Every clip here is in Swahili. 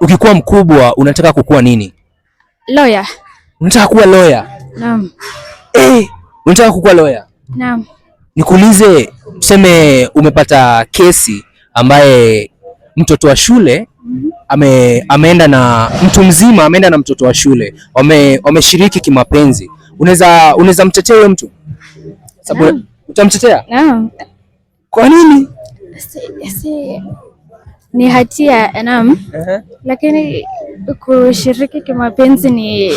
ukikuwa mkubwa unataka kukuwa nini? Lawyer. Unataka kuwa lawyer? Naam. Eh, unataka kukuwa lawyer? Naam. Nikuulize, tuseme umepata kesi ambaye mtoto wa shule ame, ameenda na mtu mzima ameenda na mtoto wa shule wame, wameshiriki kimapenzi, unaweza unaweza mtetea huyo mtu? Sababu utamtetea? Naam. Kwa nini? Si, si, ni hatia naam, uh -huh. Lakini kushiriki kimapenzi ni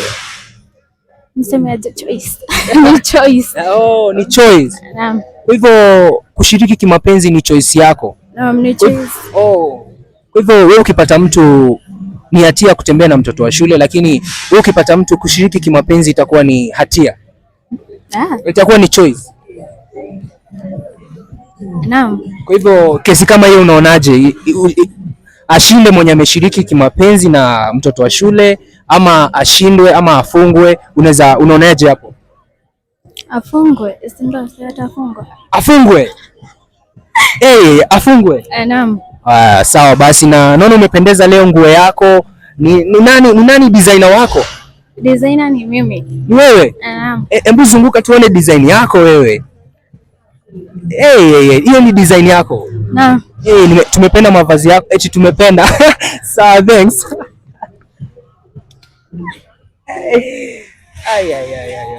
mseme choice ni choice, oh, ni choice. Naam, kwa hivyo kushiriki kimapenzi ni choice yako. Naam, ni choice. Oh, kwa hivyo wewe ukipata mtu ni hatia kutembea na mtoto wa shule, lakini wewe ukipata mtu kushiriki kimapenzi itakuwa ni hatia. Ah, itakuwa ni choice. Naam. Kwa hivyo kesi kama hiyo unaonaje? Ashinde mwenye ameshiriki kimapenzi na mtoto wa shule ama ashindwe ama afungwe, unaweza unaonaje hapo? Afungwe, si ndio? Afungwe, afungwe. Hey, eh, afungwe. Eh, naam. Ah, sawa basi, na naona umependeza leo, nguo yako ni, ni nani, ni nani designer wako? Designer ni mimi. Ni wewe? Eh, naam. E, hebu zunguka tuone design yako wewe hiyo hey, hey, ni design yako na. Hey, nime, tumependa mavazi yako eti tumependa sawa thanks. ay, ay, ay, ay.